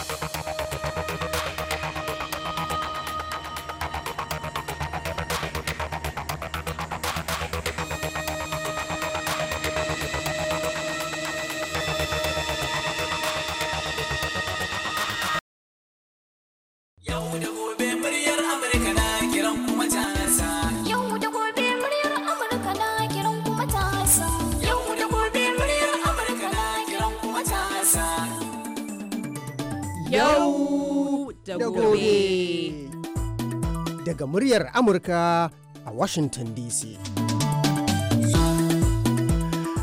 Thank you. muryar Amurka a Washington DC.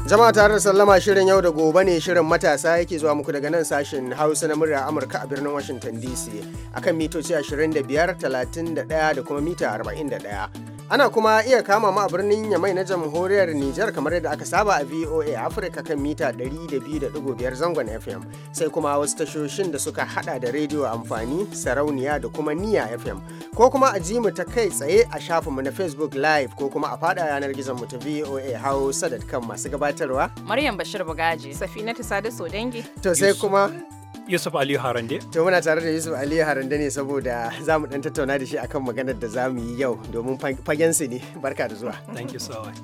Jama'a tare da sallama shirin yau da gobe ne shirin matasa yake zuwa muku daga nan sashen Hausa na muryar Amurka a birnin Washington DC akan mitoci 25, 31 da kuma mita 41. Ana kuma iya kama mu a birnin Yamai na jamhuriyar Nijar kamar yadda aka saba a VOA Africa kan mita 102.5 zangon FM sai kuma wasu tashoshin da suka hada da rediyo amfani sarauniya da kuma niya FM ko kuma a ji mu ta kai tsaye a shafinmu na Facebook Live ko kuma a fada yanar gizon mu ta VOA Hausa.com masu gabatarwa. Maryam Bashir Bugaji. Safinatu Sada Sodangi. To sai kuma Yusuf Aliyu Harande. To muna tare da Yusuf Aliyu Harande ne saboda za mu dan tattauna da shi akan maganar da za mu yi yau domin fagen su ne. Barka da zuwa. Thank you so much.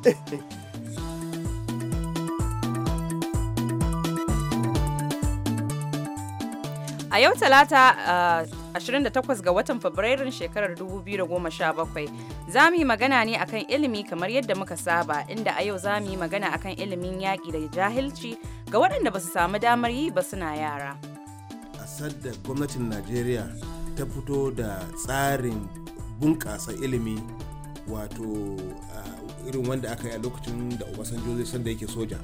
A yau Talata 28 uh, ga watan Fabrairun shekarar 2017 za mu yi magana ne akan ilimi kamar yadda muka saba inda a yau za mu yi magana akan ilimin yaƙi da jahilci ga waɗanda ba su samu damar yi ba suna yara. da gwamnatin najeriya ta fito da tsarin bunƙasa ilimi wato irin wanda aka yi a lokacin da obasanjo zai sanda yake soja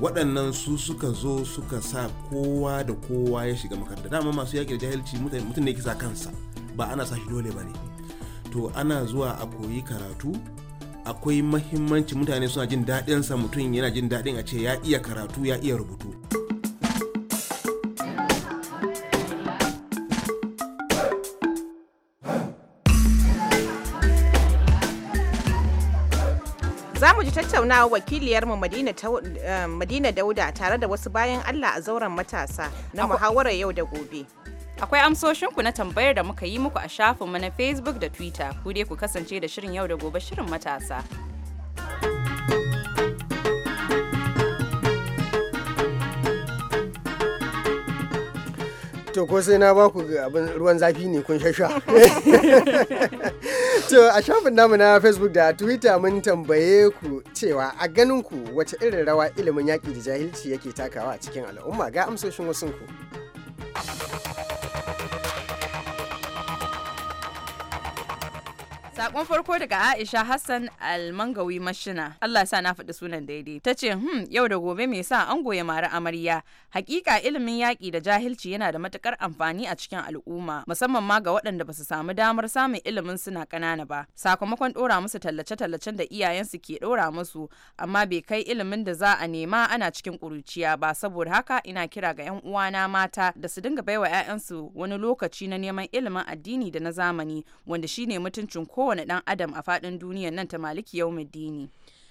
waɗannan su suka zo suka sa kowa da kowa ya shiga makaranta dama masu yaƙi da jahilci mutum ne ke sa kansa ba ana sa shi dole ba ne to ana zuwa a koyi karatu akwai mahimmanci mutane suna jin daɗinsa mutum yana jin daɗin a ce ya iya karatu ya iya rubutu tattaunawa wakiliyarmu eh, Madina Dauda tare da wasu bayan Allah a zauren matasa na muhawarar yau da gobe. Akwai amsoshinku na tambayar da muka yi muku a shafinmu na Facebook da Twitter, ku dai ku kasance da shirin yau da gobe shirin matasa. to ko sai na baku abin ruwan zafi ne kun shasha to a shafin namu na facebook da twitter mun tambaye ku cewa a ganin ku wace irin rawa ilimin yaƙi da jahilci yake takawa a cikin al'umma ga amsoshin wasunku. ku Sakon farko daga Aisha Hassan Almangawi Mashina. Allah sa na faɗi sunan daidai. Ta ce, "Hm, yau da gobe me sa an goya mara amarya. Hakika ilimin yaƙi da jahilci yana da matukar amfani a cikin al'umma, musamman ma ga waɗanda ba su samu damar samun ilimin suna ƙanana ba. Sakamakon ɗora musu tallace-tallacen da iyayensu ke ɗora musu, amma bai kai ilimin da za a nema ana cikin ƙuruciya ba. Saboda haka ina kira ga 'yan uwana mata da su dinga baiwa 'ya'yansu wani lokaci na neman ilimin addini da na zamani, wanda shine mutuncin ko kowane ɗan adam a faɗin duniyar nan ta maliki dini.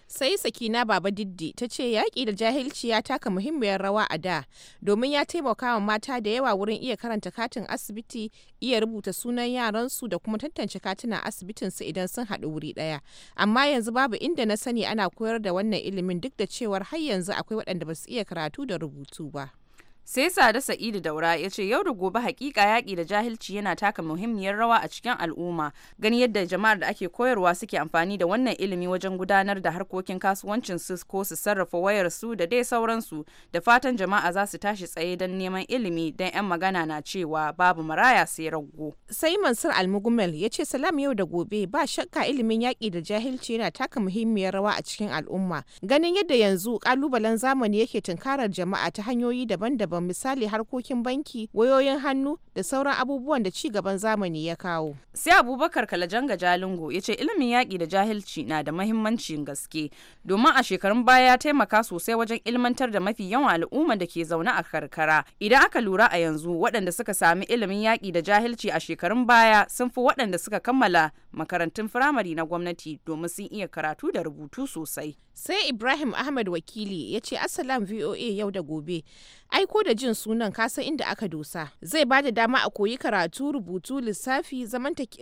sai sakina baba diddi ta ce yaƙi da jahilci ya taka muhimmiyar rawa a da domin ya taimaka wa mata da yawa wurin iya karanta katin asibiti iya rubuta sunan yaransu da kuma tantance asibitin asibitinsu idan sun haɗu wuri ɗaya amma yanzu babu inda na sani ana koyar da wannan ilimin duk da cewar har yanzu akwai waɗanda ba su iya karatu da rubutu ba sai sada sa'idu daura ya ce yau da gobe hakika yaƙi da jahilci yana taka muhimmiyar rawa a cikin al'umma gani yadda jama'ar da ake koyarwa suke amfani da wannan ilimi wajen gudanar da harkokin kasuwancin su ko su sarrafa wayar su da dai sauransu da fatan jama'a za su tashi tsaye don neman ilimi don 'yan magana na cewa babu maraya sai raggo. sai mansur almugumel ya ce salam yau da gobe ba shakka ilimin yaƙi da jahilci yana taka muhimmiyar rawa a cikin al'umma ganin yadda yanzu kalubalen zamani yake tunkarar jama'a ta hanyoyi daban-daban gaban misali harkokin banki wayoyin hannu da sauran abubuwan da ci gaban zamani ya kawo sai abubakar kalajanga jalingo ya ce ilimin yaƙi da jahilci na da mahimmancin gaske domin a shekarun baya ya taimaka sosai wajen ilmantar da mafi yawan al'umma da ke zaune a karkara idan aka lura a yanzu waɗanda suka sami ilimin yaƙi da jahilci a shekarun baya sun fi waɗanda suka kammala makarantun firamare na gwamnati domin sun iya karatu da rubutu sosai sai ibrahim ahmad wakili ya ce assalam voa yau da gobe aiko da jin sunan kasan inda aka dosa zai ba da dama a koyi karatu rubutu lissafi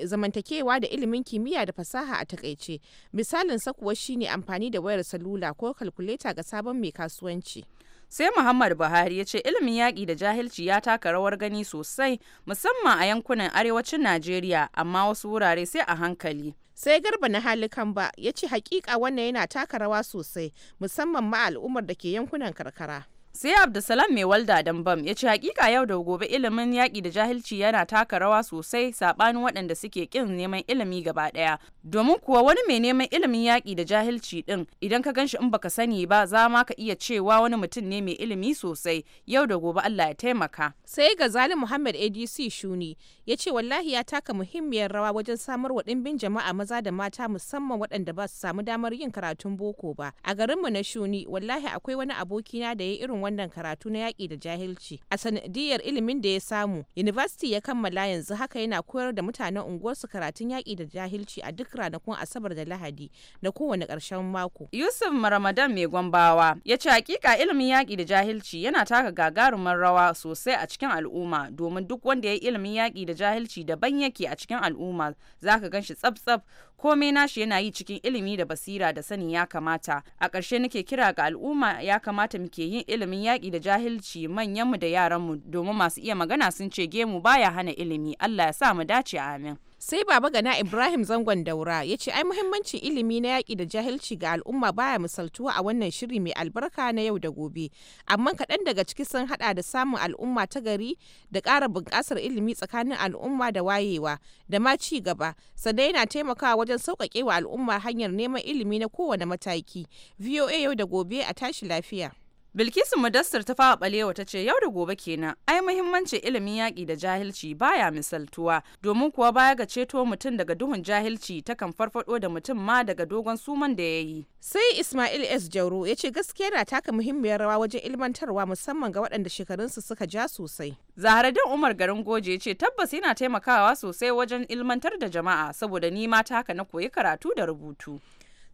zamantakewa da ilimin kimiyya da fasaha a takaice misalin sakuwa shine amfani da wayar salula ko kalkuleta ga sabon mai kasuwanci sai muhammad buhari ya ce ilimin yaƙi da jahilci ya taka rawar gani sosai musamman a yankunan arewacin najeriya amma wasu wurare sai a hankali sai garba na halikan ba ya ce hakika wannan yana taka rawa sosai musamman ma al'ummar da ke yankunan karkara sai abdulsalam mai walda bam ya ce hakika yau da gobe ilimin yaƙi da jahilci yana taka rawa sosai saɓanin waɗanda suke ƙin neman ilimi gaba ɗaya domin kuwa wani mai neman ilimin yaƙi da jahilci ɗin idan ka ganshi in baka sani ba za ma ka iya cewa wani mutum ne mai ilimi sosai yau da gobe allah ya taimaka sai ga zalim muhammad adc shuni ya ce wallahi ya taka muhimmiyar rawa wajen samar wa ɗimbin jama'a maza da mata musamman waɗanda ba su samu damar yin karatun boko ba a garinmu na shuni wallahi akwai wani abokina da ya irin wannan karatu na yaƙi da jahilci. A sanadiyar ilimin da ya samu, University ya kammala yanzu haka yana koyar da mutanen unguwarsu karatun yaƙi da jahilci a duk ranakun Asabar da Lahadi da kowane ƙarshen mako. Yusuf Ramadan mai gwambawa ya ce hakika ilimin yaƙi da jahilci yana taka gagarumin rawa sosai a cikin al'umma domin duk wanda ya yi ilimin yaƙi da jahilci daban yake a cikin al'umma zaka gan shi tsaf-tsaf komai nashi yana yi cikin ilimi da basira da sani ya kamata. A ƙarshe nake kira ga al'umma ya kamata muke yin ilimin gangamin yaƙi da jahilci manyanmu da yaranmu domin masu iya magana sun ce gemu baya hana ilimi Allah ya sa mu dace amin. sai baba gana ibrahim zangon daura ya ce ai muhimmancin ilimi na yaƙi da jahilci ga al'umma baya misaltuwa a wannan shiri mai albarka na yau da gobe amma kaɗan daga ciki sun haɗa da samun al'umma ta gari da ƙara bunƙasar ilimi tsakanin al'umma da wayewa da ma ci gaba sannan yana taimakawa wajen sauƙaƙe wa al'umma hanyar neman ilimi na kowane mataki voa yau da gobe a tashi lafiya Bilkisu Mudassir ta fawa balewa ta ce yau da gobe kenan ai muhimmancin ilimin yaƙi da jahilci baya misaltuwa domin kuwa baya ga ceto mutum daga duhun jahilci takan farfado da mutum ma daga dogon suman da ya yi. Sai Ismail S Jauro ya ce gaskiya na taka muhimmiyar rawa wajen ilmantarwa musamman ga waɗanda shekarunsu suka ja sosai. Zaharadin Umar garin Goje ce tabbas yana taimakawa sosai wajen ilmantar da jama'a saboda ni ma taka na koyi karatu da rubutu.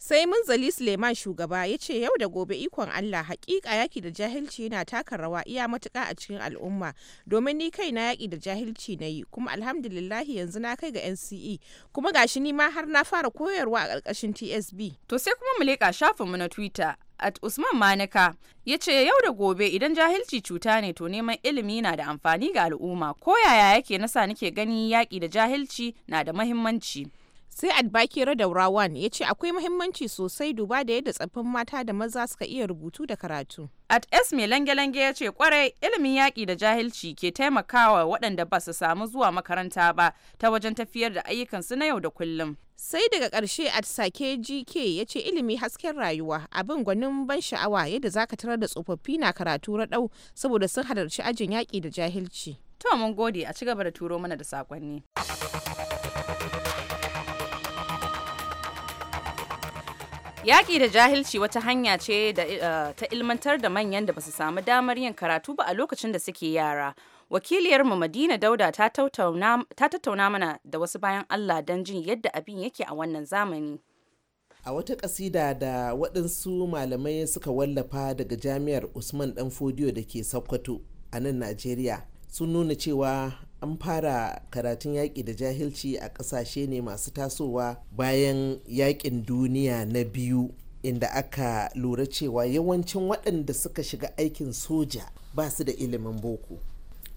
sai mun munzali suleiman shugaba ya ce yau da gobe ikon allah hakika yaki da jahilci yana taka rawa iya matuka a cikin al'umma domin ni kai na yaki da jahilci na yi kuma alhamdulillahi yanzu na kai ga nce kuma gashi ni ma har na fara koyarwa a karkashin tsb to sai kuma mu leƙa mu na twitter at usman manaka ya ce yau da gobe idan jahilci cuta ne to neman ilimi na da amfani ga al'umma ko yaya yake nasa nake gani yaki da jahilci na da mahimmanci sai adbakira daurawan ya ce akwai mahimmanci sosai duba da yadda tsaffin mata da maza suka iya rubutu da karatu at s mai lange-lange ya ce kwarai ilimin yaƙi da jahilci ke taimakawa waɗanda ba su samu zuwa makaranta ba ta wajen tafiyar da ayyukansu na yau da kullum sai daga ƙarshe at sake gk ya ce ilimi hasken rayuwa abin gwanin ban sha'awa yadda zaka tarar da tsofaffi na karatu raɗau saboda sun halarci ajin yaƙi da jahilci to mun gode a ci gaba da turo mana da sakonni. Yaƙi da jahilci wata hanya ce da eh, ta ilmantar da manyan da basu samu damar yin karatu ba a lokacin da suke yara. wakiliyar mu Madina Dauda ta tattauna mana da wasu bayan Allah don jin yadda abin yake a wannan zamani. a wata kasida da waɗansu malamai suka wallafa daga jami'ar usman dan fodiyo da ke sokoto a nan najeriya sun nuna cewa an fara karatun yaƙi da jahilci a ƙasashe ne masu tasowa bayan yaƙin duniya na biyu inda aka lura cewa yawancin waɗanda suka shiga aikin soja ba su da ilimin boko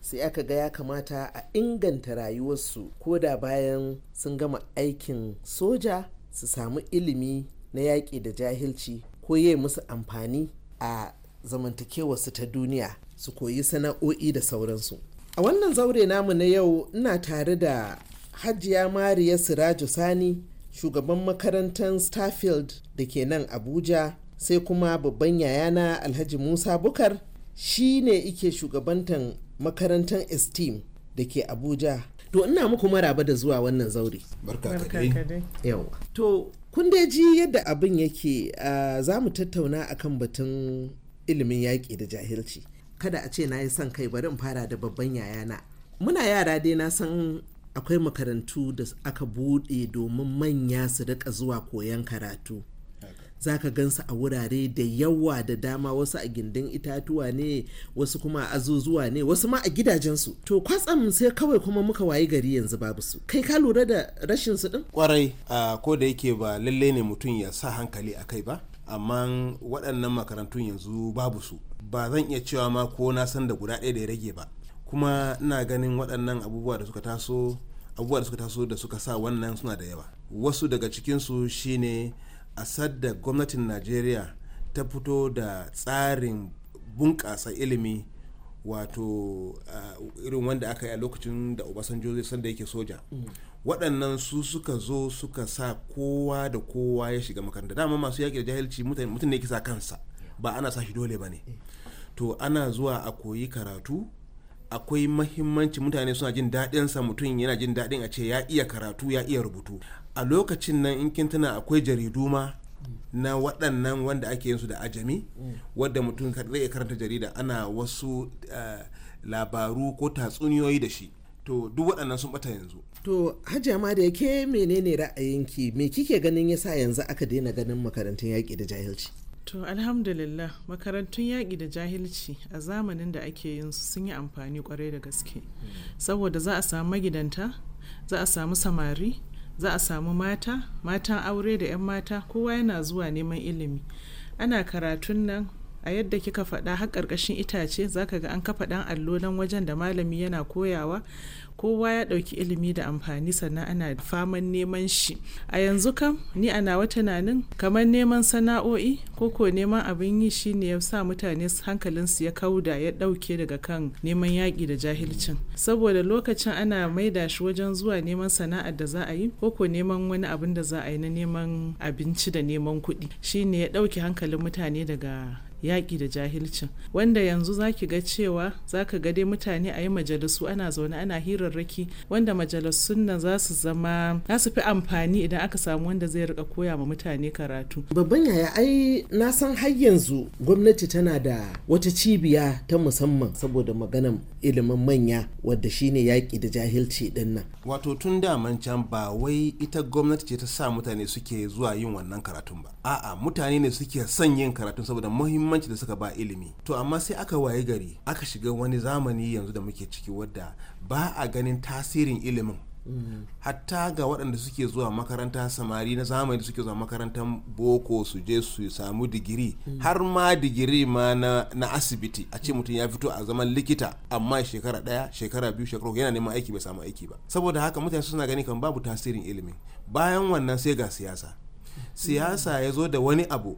sai aka ga ya kamata a inganta rayuwarsu ko da bayan sun gama aikin soja su samu ilimi na yaƙi da jahilci ko yi musu amfani a zamantakewarsu ta duniya su koyi sana'o'i da sauransu a wannan zaure namu na yau ina tare da hajiya mariya siraju sani shugaban makarantar starfield da ke nan abuja sai kuma babban yayana alhaji musa bukar shi ne ike shugabantan makarantar esteem da ke abuja to ina muku maraba da zuwa wannan zaure yawa to kun dai ji yadda abin yake uh, za mu tattauna akan batun ilimin yaƙi da jahilci kada a ce na yi son kai bari in fara da babban yayana muna yara dai na san akwai makarantu da aka buɗe domin manya su rika zuwa koyon karatu za ka gansu a wurare da yawa da dama wasu a gindin itatuwa ne wasu kuma a azuzuwa ne wasu ma a gidajensu to kwatsam sai kawai kuma muka wayi gari yanzu babu su kai ka lura da rashin su din kwarai ko da yake ba lalle ne mutum ya sa hankali a kai ba amma waɗannan makarantun yanzu babu su ba zan iya cewa ma ko na san da guda ɗaya da ya rage ba kuma ina ganin waɗannan abubuwa da suka taso abubuwa da suka taso da suka sa wannan suna da yawa wasu daga cikinsu shine a sadda gwamnatin najeriya ta fito da tsarin bunƙasa ilimi wato irin wanda aka yi a lokacin da obasanjo zai sanda yake soja mm. waɗannan su suka zo suka sa kowa da kowa ya shiga makaranta dama masu yaƙi da jahilci mutum ne kisa kansa ba ana sa shi dole ba ne eh. to ana zuwa a koyi karatu akwai mahimmanci mutane suna jin daɗin sa mutum yana jin daɗin a ce ya iya karatu ya iya rubutu a lokacin nan in kin tana akwai jaridu ma hmm. na waɗannan wanda ake yin su da ajami hmm. wadda mutum zai karanta jarida ana wasu eh, labaru ko tatsuniyoyi da shi to duk waɗannan sun bata yanzu to hajiya ma da yake menene ra'ayinki me kike ganin yasa yanzu aka daina ganin makarantun yaƙi da jahilci to alhamdulillah makarantun yaƙi da jahilci a zamanin da ake yin su sun yi amfani kwarai da gaske saboda za a samu magidanta za a samu samari za a samu mata matan aure da 'yan mata kowa yana zuwa neman ilimi ana karatun nan a yadda kika faɗa har ƙarƙashin itace za ka ga an kafa ɗan allo nan wajen da malami yana koyawa kowa ya ɗauki ilimi da amfani sannan ana faman neman shi a yanzu kam ni a nawa tunanin kamar neman sana'o'i ko ko neman abin yi shi ne ya sa mutane hankalinsu ya kauda ya ɗauke daga kan neman yaƙi da jahilcin saboda lokacin ana maida shi wajen zuwa neman sana'ar da za a yi ko ko neman wani abin da za a yi na neman abinci da neman kuɗi shi ne ya ɗauke hankalin mutane daga yaƙi da jahilcin wanda yanzu za ki ga cewa za ka ga dai mutane a yi majalisu ana zaune ana hirarraki wanda majalisun nan za su zama za su fi amfani idan aka samu wanda zai rika koya ma mutane karatu babban yaya ai na san har yanzu gwamnati tana da wata cibiya ta musamman saboda maganan ilimin manya wadda shine yaƙi da jahilci din wato tun daman can ba wai ita gwamnati ce ta sa mutane suke zuwa yin wannan karatun ba a'a mutane ne suke son yin karatun saboda muhimmanci muhimmanci da suka ba ilimi to amma sai aka waye gari aka shiga wani zamani yanzu da muke ciki wadda ba a ganin tasirin ilimin hatta ga waɗanda suke zuwa makaranta samari na zamani suke zuwa makarantar boko su je su samu digiri har ma digiri ma na, asibiti a ce mutum ya fito a zaman likita amma shekara ɗaya shekara biyu shekara yana neman aiki bai samu aiki ba saboda haka mutane suna gani kan babu tasirin ilimin bayan wannan sai ga siyasa siyasa ya zo da wani abu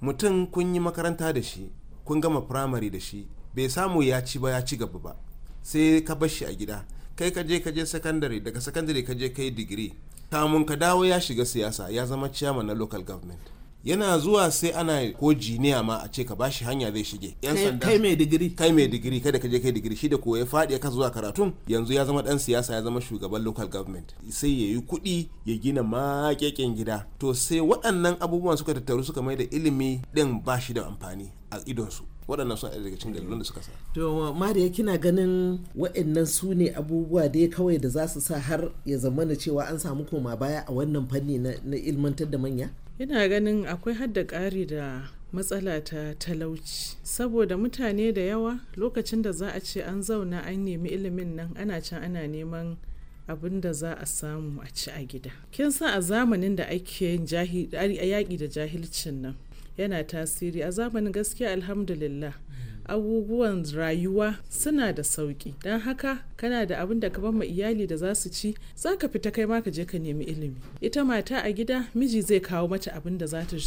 mutum kun yi makaranta da shi kun gama firamare da shi bai samu ya ci ba ya ci gaba ba sai ka bar shi a gida kai ka je ka je sakandare daga sakandare ka je kai digiri kamun ka dawo ya shiga siyasa ya zama ciyama na local government yana zuwa sai ana ko jiniya ma a ce ka bashi hanya zai shige yan sanda kai mai digiri kai mai digiri kada ka je kai digiri shi da ko ya fadi ka zuwa karatun yanzu ya zama dan siyasa ya zama shugaban local government sai ya yi kuɗi ya gina makekin gida to sai waɗannan abubuwan suka tattaru suka mai da ilimi din bashi da amfani a idonsu waɗannan suna daga cikin dalilan da suka sa. To Mariya kina ganin waɗannan su ne abubuwa dai kawai da za su sa har ya zamana cewa an samu koma baya a wannan fanni na ilmantar da manya? ina ganin akwai hadda ƙari da matsala ta talauci saboda mutane da yawa lokacin da za a ce an zauna an nemi ilimin nan ana can ana neman abin da za a samu a ci a gida kin san a zamanin da ake yin yaƙi da jahilcin nan yana tasiri a zamanin gaskiya alhamdulillah abubuwan rayuwa suna da sauki don haka kana da abin da ka ma iyali da za su ci za ka fita kai ma ka je ka nemi ilimi ita mata a gida miji zai kawo mata abin da za ta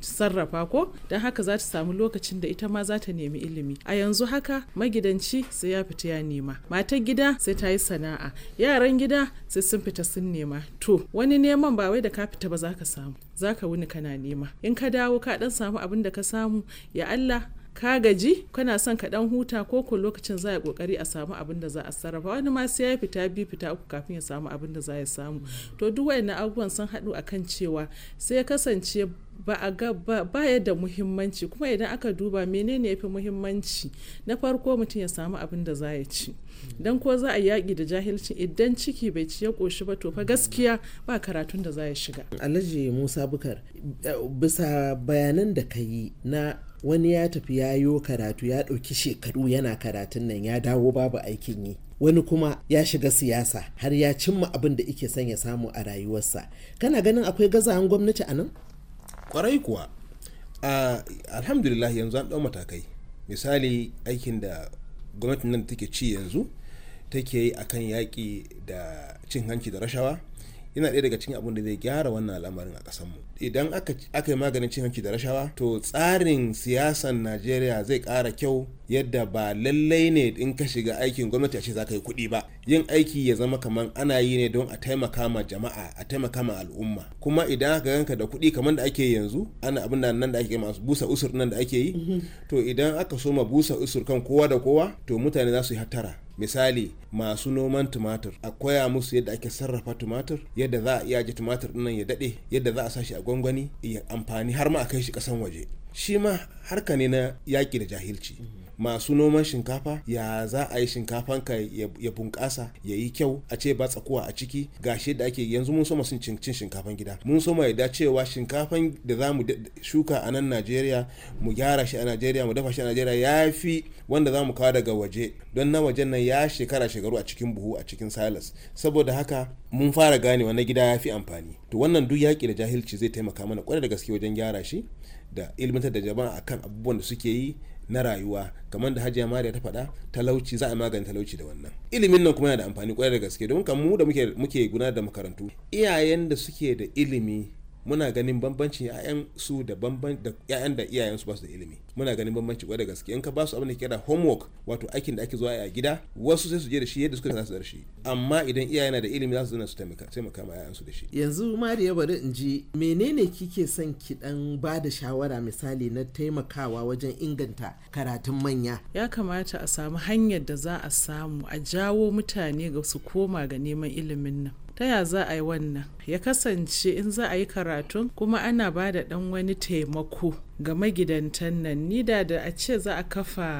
sarrafa ko don haka za ta samu lokacin da ita ma za ta nemi ilimi a yanzu haka magidanci sai ya fita ya nema matar gida sai ta yi sana'a yaran gida sai sun fita sun nema to wani neman ba wai da ka fita ba za ka samu za ka wuni kana nema in ka dawo ka dan samu abin da ka samu ya Allah ka gaji kana son ka dan huta ko ko lokacin za a kokari a samu abin da za a sarrafa wani ma sai ya fita biyu fita uku kafin ya samu abin da za ya samu to duk na abubuwan sun haɗu akan cewa sai ya kasance ba a ga ba ya da muhimmanci kuma idan aka duba menene yafi muhimmanci na farko mutum ya samu abin da za ya ci dan ko za a yaki da jahilci idan ciki bai ci ya ƙoshi ba to fa gaskiya ba karatun da za ya shiga alhaji musa bukar bisa bayanan da ka yi na wani ya tafi ya yi karatu ya ɗauki shekaru yana karatun nan ya dawo babu aikin yi wani kuma ya shiga siyasa har ya cimma abin da ike son ya samu a rayuwarsa kana ganin akwai gazawan gwamnati a nan kwarai kuwa alhamdulillah yanzu an ɗau matakai misali aikin da gwamnatin nan take ci yanzu take yi akan yaƙi da cin hanci da rashawa yana ɗaya daga cikin abin da zai gyara wannan al'amarin a ƙasar mu idan aka aka yi maganin cin hanci da rashawa to tsarin siyasan Najeriya zai ƙara kyau yadda ba lallai ne in ka shiga aikin gwamnati a ce za ka yi kuɗi ba yin aiki ya zama kamar ana yi ne don a taimaka ma jama'a a taimaka ma al'umma kuma idan aka ganka da kuɗi kamar da ake yanzu ana abin da nan da ake masu busa usur nan da ake yi mhm. to idan aka so ma busa usur kan kowa da kowa to mutane za su yi hattara misali masu noman tumatir a koya musu yadda ake sarrafa tumatir yadda za a iya ji tumatir nan ya daɗe yadda za a sa shi a gwangwani ya amfani har ma a kai shi kasan waje shi ma harka ne na yaƙi da jahilci masu noman shinkafa ya za a yi shinkafan ka ya bunƙasa ya yi kyau a ce ba tsakuwa a ciki gashi da ake yanzu mun soma sun cin shinkafan gida mun soma ya cewa shinkafan da za mu shuka a nan Najeriya mu gyara shi a Najeriya mu dafa shi a Najeriya ya fi wanda za mu kawo daga waje don na wajen nan ya shekara shekaru a cikin buhu a cikin silas saboda haka mun fara gane wani gida ya fi amfani to wannan duk yaƙi da jahilci zai taimaka mana kwarai da gaske wajen gyara shi da ilmantar da jama'a akan abubuwan da suke yi na rayuwa kamar da hajiya mariya ta faɗa talauci za a magani talauci da wannan ilimin nan kuma yana da amfani kwarai da gaske domin kan mu da muke muke gudanar da makarantu iyayen da suke da ilimi muna ganin bambancin 'ya'yan su da bamban da da iyayen su ba su da ilimi muna ganin bambanci kwarai da gaske in ka ba su abin da kira homework wato aikin da ake zuwa a gida wasu sai su je da shi yadda suka za su da shi amma idan iyaye na da ilimi za su zana su taimaka mu kama yayan su da shi yanzu mariya bari in ji menene kike son ki dan ba da shawara misali na taimakawa wajen inganta karatun manya ya kamata a samu hanyar da za a samu a jawo mutane ga su koma ga neman ilimin nan ta ya za a yi wannan ya kasance in za a yi karatun kuma ana ba da ɗan wani taimako ga magidantan nan ni da a ce za a kafa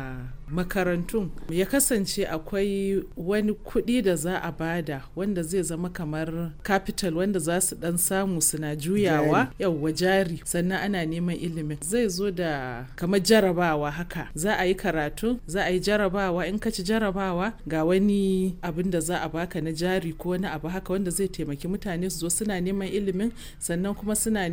makarantun ya kasance akwai wani kuɗi da za a bada wanda zai zama kamar capital wanda za su dan samu suna juyawa yauwa jari sannan ana neman ilimin zai zo da kamar jarabawa haka za a yi karatu za a yi jarabawa in ka ci jarabawa ga wani abin da za a baka na jari ko wani abu haka wanda zai taimaki mutane su zo suna neman ilimin sannan kuma suna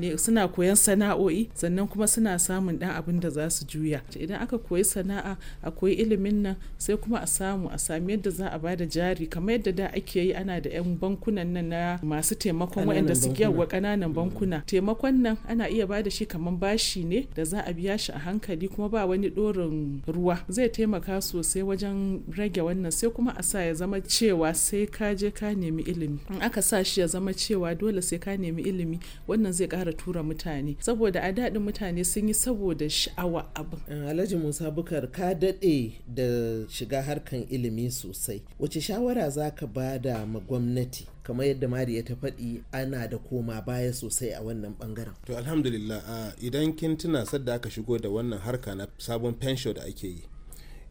koyon sana'o'i sannan kuma suna suna samun dan abin da za su juya idan aka koyi sana'a a koyi ilimin nan sai kuma a samu a sami yadda za a bada jari kamar yadda da ake yi ana da yan bankunan nan na masu taimakon waɗanda su yawa ƙananan mm. bankuna taimakon nan ana iya bada shi kamar bashi ne da za a biya shi a hankali kuma ba wani ɗorin ruwa zai taimaka sosai wajen rage wannan sai kuma a sa ya zama cewa sai ka je ka nemi ilimi in aka sa shi ya zama cewa dole sai ka nemi ilimi wannan zai kara tura mutane saboda a daɗin mutane sun sun yi saboda sha'awa abin. Eh, Alhaji Musa Bukar ka daɗe da shiga harkan ilimi sosai. Wace shawara za ka ba da ma gwamnati? kamar yadda mariya ta faɗi ana da koma baya sosai a wannan bangaren. to alhamdulillah idan kin tuna sadda aka shigo da wannan harka na sabon fensho da ake yi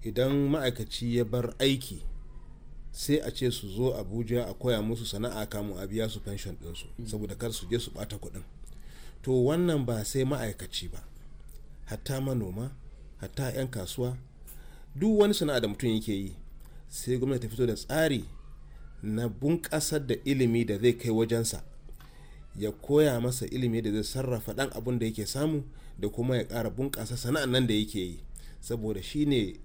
idan ma'aikaci ya bar aiki sai a ce su zo abuja a koya musu sana'a kamun a biya su fenshon ɗinsu saboda kar su je su ɓata kuɗin to wannan ba sai ma'aikaci ba hatta manoma hatta 'yan kasuwa duk wani sana'a da mutum yake yi sai gwamnati ta fito da tsari na bunƙasar da ilimi da zai kai wajensa ya koya masa ilimi da zai sarrafa ɗan abun da yake samu da kuma ya ƙara bunƙasa sana'an nan da yake yi saboda shi ne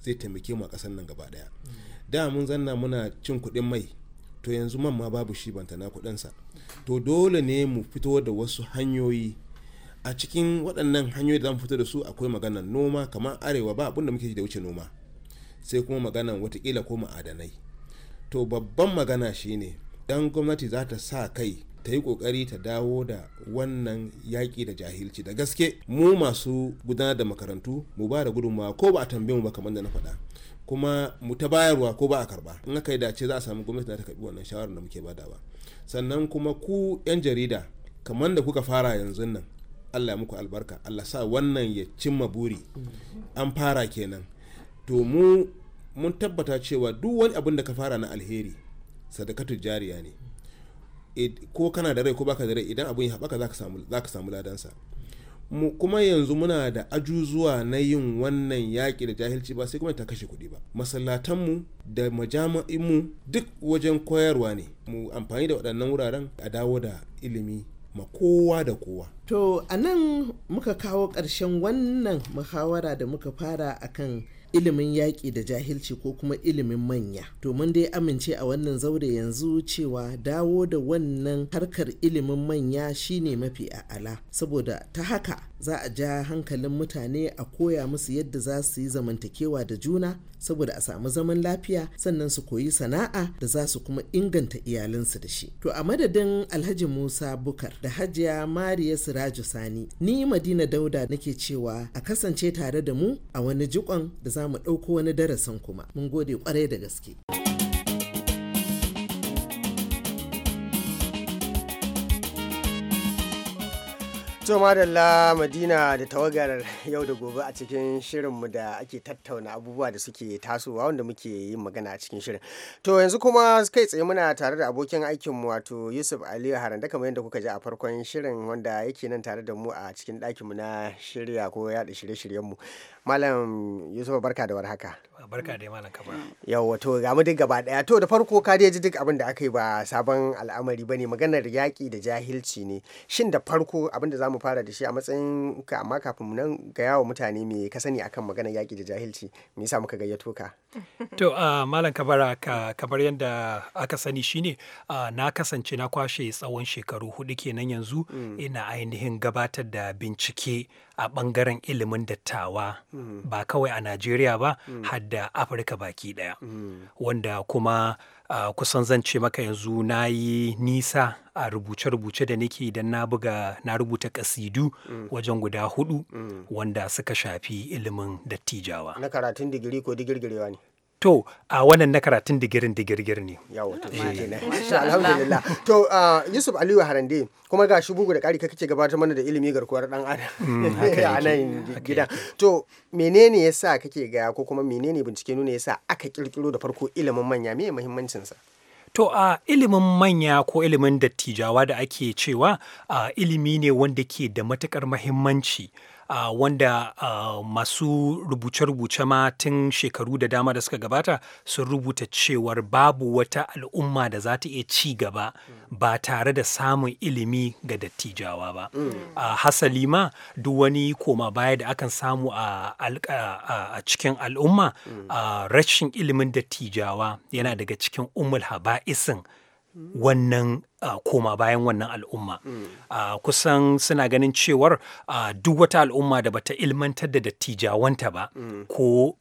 zai taimake mu a ƙasar nan gaba ɗaya da mun zanna muna cin kuɗin mai to yanzu man ma babu shi banta kuɗin kuɗinsa to dole ne mu fito da wasu hanyoyi a cikin waɗannan hanyoyi da zan fito da su akwai maganar noma kamar arewa ba abinda muke da wuce noma sai kuma maganar watakila ko ma'adanai to babban magana shine dan gwamnati za ta sa kai ta yi kokari ta dawo da wannan yaƙi da jahilci da gaske mu masu gudanar da makarantu mu ba da gudunmawa ko ba a tambaye mu ba kamar da na faɗa kuma mu ta bayarwa ko ba a karba in aka yi dace za a samu gwamnati na ta karɓi wannan shawarar da muke badawa sannan kuma ku yan jarida kamar da kuka fara yanzu nan allah ya muku albarka allah sa wannan ya cimma buri an fara kenan to mu mun tabbata cewa duk wani abin da ka fara na alheri sadakatu jariya ne ko kana da rai ko baka da rai idan abun ya haɓaka za ka samu ladansa mu kuma yanzu muna da ajuzuwa na yin wannan yaki da jahilci ba sai kuma ta kashe kuɗi ba masallatanmu da majami'inmu duk wajen koyarwa ne mu amfani da waɗannan wuraren a dawo da ilimi ma kowa da kowa. To a nan muka kawo ƙarshen wannan muhawara da muka fara a kan ilimin yaƙi da jahilci ko kuma ilimin manya. To mun dai amince a wannan zaure yanzu cewa dawo da wannan harkar ilimin manya shine mafi a'ala saboda ta haka za a ja hankalin mutane a koya musu yadda za su yi zamantakewa da juna saboda a samu zaman lafiya sannan su koyi sana'a da za su kuma inganta iyalinsu da shi. To a madadin Alhaji Musa Bukar da Hajiya Mariya Siraju Sani ni Madina Dauda nake cewa a kasance tare da mu a wani jikon da za mu ɗauko wani darasin kuma. Mun gode kwarai da gaske. to madalla madina da tawagar yau da gobe a cikin shirinmu da ake tattauna abubuwa da suke tasowa wanda muke yin magana a cikin shirin to yanzu kuma kai tsaye muna tare da abokin aikinmu wato yusuf aliyu da kamar yadda kuka ji a farkon shirin wanda yake nan tare da mu a cikin ɗakinmu na shirya ko yaɗa shirye-shiryenmu Malam Yusuf barka da warhaka. Barka da malam kabara. Yau wato ga mu duk gaba daya to da farko ka ji duk abin da aka yi ba sabon al'amari bane maganar yaƙi da jahilci ne. Shin da farko abin da zamu fara da shi a matsayin ka amma kafin nan ga yawo mutane me ka sani akan maganar yaƙi da jahilci me yasa muka gayyato ka? To ah, malam kabara ka kamar yadda aka sani shine ah, na kasance na kwashe tsawon shekaru hudu kenan yanzu mm. ina ainihin gabatar da bincike a bangaren ilimin dattawa. ba kawai a najeriya ba hadda afirka baki daya wanda kuma kusan zan ce maka yanzu na yi nisa a rubuce-rubuce da nake idan na buga na rubuta kasidu wajen guda hudu wanda suka shafi ilimin dattijawa na karatun digiri ko digirgirewa ne to a wannan na karatun digirin digirgir ne yawa to alhamdulillah to yusuf aliyu harande kuma ga shi bugu da ka kake gabatar mana da ilimi garkuwar dan adam mm, a nan gida to menene ya sa kake gaya ko kuma menene bincike nuna ya sa aka kirkiro da farko ilimin manya me mahimmancinsa? To a ilimin manya ko ilimin dattijawa da ake cewa ilimi ne wanda ke da matukar mahimmanci uh, wanda uh, masu rubuce-rubuce ma tun shekaru da dama da suka gabata sun rubuta cewar babu wata al'umma da za ta iya ci gaba ba tare da samun ilimi ga dattijawa ba mm. uh, hasali ma duk wani koma baya da akan samu a, uh, cikin al'umma mm. rashin ilimin dattijawa yana daga cikin umul haba'isin wannan koma bayan wannan al'umma kusan suna ganin cewar duk wata al'umma da bata ilmantar da dattijawanta ba ko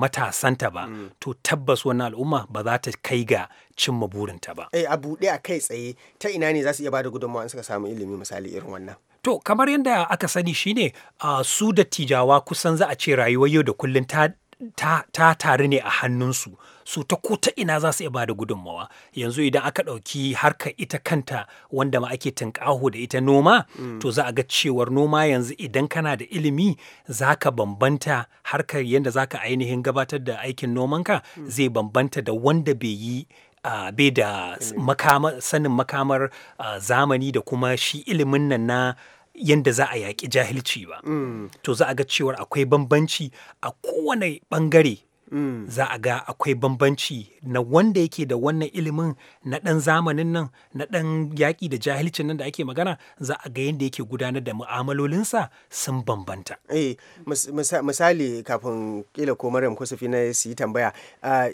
matasanta ba to tabbas wannan al'umma ba za ta kai ga cimma burinta ba. Eh, a buɗe a kai tsaye ta ina ne za su iya bada gudunmawa in suka samu ilimi misali irin wannan. To, kamar yadda aka sani shine ne su dattijawa kusan za a ce rayuwar yau da kullum ta ta, ta taru ne a hannunsu su ta ko ta ina za su iya bada gudunmawa yanzu idan aka ɗauki harkar ita kanta wanda ma ake tunƙaho da ita noma mm. to za a ga cewar noma yanzu idan kana da ilimi za ka bambanta harkar yadda za ka ainihin gabatar da aikin nomanka mm. zai bambanta da wanda bai yi Uh, bai da sanin makamar uh, zamani da kuma shi ilimin nan na yadda za a yaƙi jahilci ba. Mm. To za a ga cewar akwai bambanci a kowane ɓangare Mm. za a ga akwai bambanci na wanda yake da wannan ilimin na ɗan zamanin nan na ɗan yaƙi da jahilcin nan da ake magana za a ga yadda yake gudanar da mu'amalolinsa sun bambanta. Eh, misali kafin kila ko Maryam kusufi na su yi tambaya,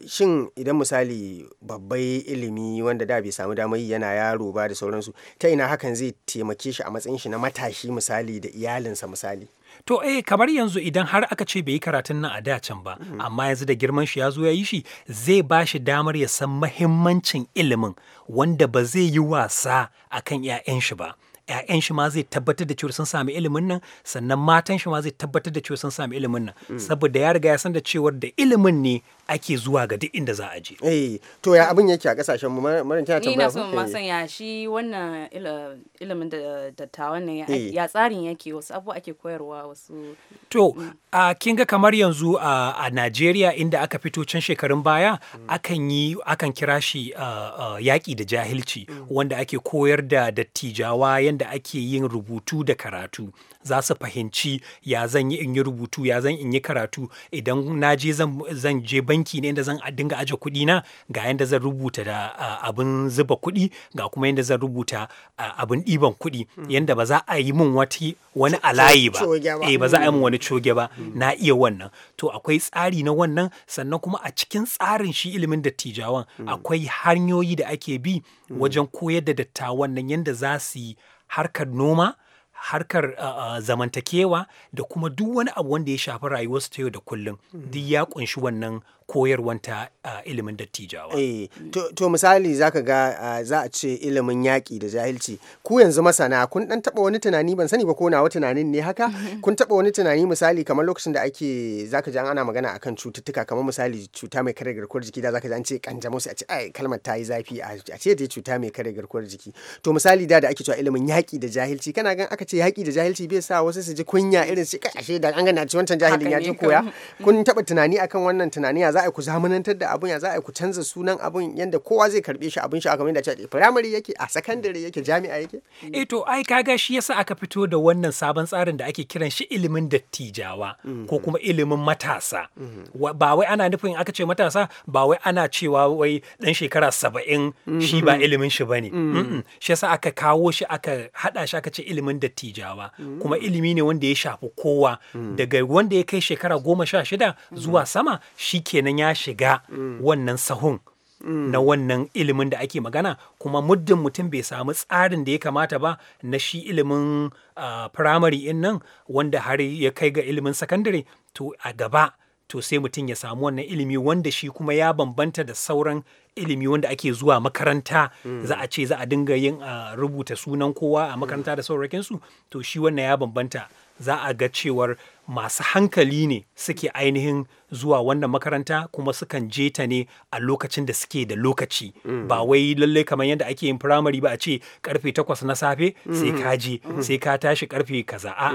shin idan misali babbai ilimi wanda da bai samu damar yi yana yaro ba da sauransu, ta ina hakan zai taimake shi a matsayin shi na matashi misali da iyalinsa misali? To eh kamar yanzu idan har aka ce bai yi karatun nan a da can ba, amma yanzu da girman shi ya zo ya yi shi zai ba shi damar ya san mahimmancin ilimin wanda ba zai yi wasa akan 'ya'yan shi ba. 'ya'yan shi ma zai tabbatar da cewa sun sami ilimin nan sannan matan shi ma zai tabbatar da cewa sun sami ilimin nan mm. saboda ya riga ya san da cewar da ilimin ne ake zuwa ga duk inda za a je eh to ya abin yake a kasashen mu marin ta tambaya ni na ma san ya shi wannan ilimin da dattawan nan ya eh. tsarin yake wasu abu ake koyarwa wasu to mm. a kin ga kamar yanzu a Najeriya inda aka fito can shekarun baya mm. akan yi akan kira shi yaƙi da jahilci wanda ake koyar da dattijawa yanda da ake yin rubutu da karatu za su fahimci ya zan yi in yi rubutu ya zan in yi karatu idan na je zan je banki ne inda zan dinga aje kuɗi na ga yadda zan rubuta da abin zuba kuɗi ga kuma yadda zan rubuta abin ɗiban kuɗi hmm. yanda ba za a yi min wati wani alayi ba eh ba za a yi min hmm. wani coge ba hmm. na iya wannan to akwai tsari na wannan sannan kuma a cikin tsarin shi ilimin dattijawan akwai hanyoyi da ake bi wajen koyar da dattawan nan yanda za su yi harkar noma harkar zamantakewa da kuma duk wani abu wanda ya shafi rayuwarsu ta yau da kullum duk ya kunshi wannan koyarwan ta ilimin dattijawa. Eh, to misali zaka ga za a ce ilimin yaƙi da jahilci ku yanzu masana kun dan taba wani tunani ban sani ba ko nawa tunanin ne haka kun taba wani tunani misali kamar lokacin da ake zaka ji ana magana akan cututtuka kamar misali cuta mai kare garkuwar jiki da zaka ji an ce kanjamau sai a ce ai kalmar ta yi zafi a ce dai cuta mai kare garkuwar jiki to misali da da ake cewa ilimin yaƙi da jahilci kana gan aka ce yaƙi da jahilci bai sa wasu su ji kunya irin su kai ashe da an gana ci wancan jahilin ya je koya mm. kun taɓa tunani akan wannan tunani ya za a ku zamanantar da abun ya za a ku canza sunan abun yanda kowa zai karɓe shi abun shi a kamar da ce firamare yake a sakandare yake jami'a yake E to ai kaga shi yasa aka fito da wannan sabon tsarin da ake kiran shi ilimin dattijawa mm. ko kuma ilimin matasa ba wai ana nufin aka ce matasa ba wai ana cewa wai dan shekara saba'in shi ba mm-hmm. ilimin shi bane mm-hmm. shi yasa aka kawo shi aka haɗa shi aka ce ilimin dattijawa dattijawa mm. kuma ilimi ne wanda ya shafi kowa mm. daga wanda ya kai shekara goma sha shida mm. zuwa sama shi kenan ya shiga wannan sahun na wannan ilimin da ake magana kuma muddin mutum bai samu tsarin da ya kamata ba na shi ilimin ah, firamare in nan wanda har ya kai ga ilimin sakandare to a gaba to sai mutum ya samu wannan ilimi wanda shi kuma ya bambanta da sauran ilimi wanda ake zuwa makaranta mm. za a ce za a dinga yin a rubuta sunan kowa a makaranta da mm. saurakinsu to shi wannan ya bambanta za a ga cewar masu hankali ne suke ainihin zuwa wannan makaranta kuma sukan je ta ne a lokacin da suke da lokaci mm. ba wai lallai kamar yadda ake yin firamare ba a ce karfe takwas na safe sai mm. ka je mm. sai ka tashi karfe kaza a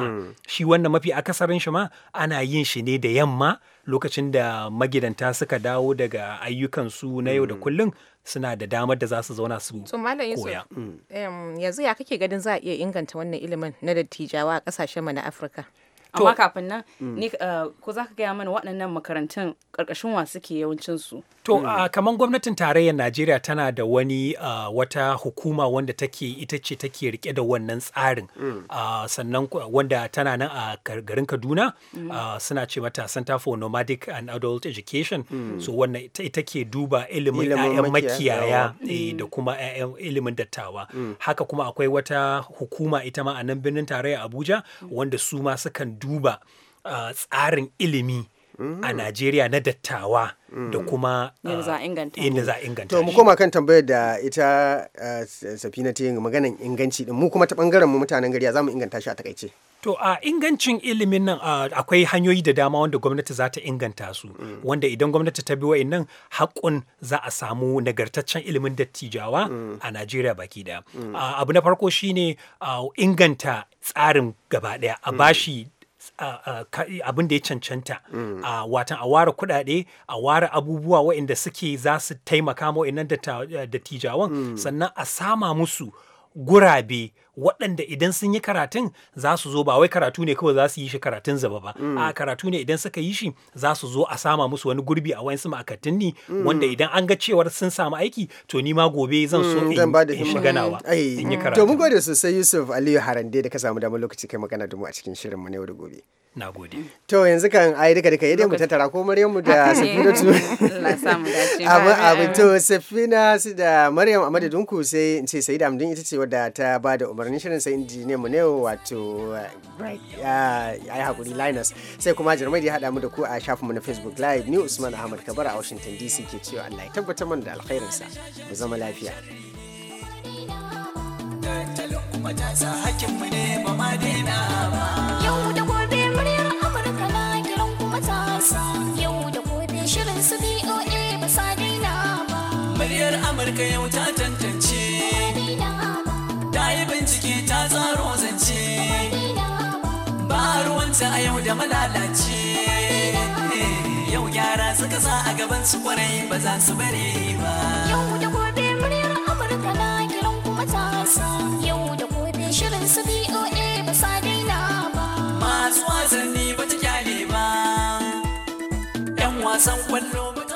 shi wannan mafi akasarin shi ma ana yin shi ne da yamma lokacin da magidanta suka dawo daga ayyukansu na yau da kullum suna da damar da za su zauna su koya. yanzu ya kake gadin za a iya inganta wannan ilimin na dattijawa a kasashen mu na afirka amma kafin nan mm. ni eh, ko za ka gaya mana waɗannan makarantun ƙarƙashin wasu suke yawancin su to mm. kamar gwamnatin tarayyar Najeriya tana da wani eh, wata hukuma wanda take ita ce take rike da wannan tsarin mm. sannan wanda tana nan a garin Kaduna suna ce mata Center for Nomadic and Adult Education so wannan ita ke duba ilimin 'ya'yan makiyaya eh, da kuma 'ya'yan ilimin dattawa haka kuma akwai wata hukuma ita ma a nan birnin tarayya Abuja wanda su ma sukan duba ah, tsarin ilimi a Najeriya na dattawa da kuma yadda ah, za a inganta. To mu koma kan tambayar da ita ah, safina ta yin maganan inganci din mu kuma ta bangaren mu mutanen gari za mu inganta shi a takaice. To a ingancin ilimin nan akwai hanyoyi da dama wanda gwamnati za ta inganta su mm. wanda idan gwamnati ta bi wa'annan haƙƙun za a samu nagartaccen ilimin dattijawa mm. a Najeriya baki daya. Mm. Abu na farko shine inganta tsarin gaba daya a bashi abin da ya cancanta a watan a ware kuɗaɗe a ware abubuwa waɗanda suke za su taimaka ma waɗannan eh, dattijawan hmm. sannan a sama musu gurabe waɗanda idan sun yi karatun za su zo ba wai karatu ne kawai za su yi shi karatun zaba ba mm. a karatu ne idan suka yi shi za su zo a sama musu wani gurbi a wayansu ma'aikatan ni. wanda mm. idan an ga cewar sun samu aiki to ni ma gobe zan so mm, in shiga nawa in yi karatu to mun gode sosai Yusuf Aliyu Harande da ka samu damar lokaci kai magana da mu a cikin shirin mu ne da gobe na gode to yanzu kan ayi duka duka yadda mu tara ko maryam mu da safina tu amma abu to safina su da maryam a madadin sai in ce sai da amdin ita ce wadda ta ba da umarnin shirin sai injiniyan mu ne wato yi hakuri linus sai kuma jarmai da hada mu da ku a shafinmu na facebook live ni usman ahmad kabara a washington dc ke cewa allah ya tabbatar mana da alkhairinsa mu zama lafiya kuma ta sa hakinmu ne ba ma daina ba da malalaci yau gyara suka sa a gaban su kwarai ba za su bari ba yau da gobe muryar amurka na kiran kuma tasa yau da gobe shirin su boa ba sa daina ba masu wasanni ba ta kyale ba yan wasan kwallo ba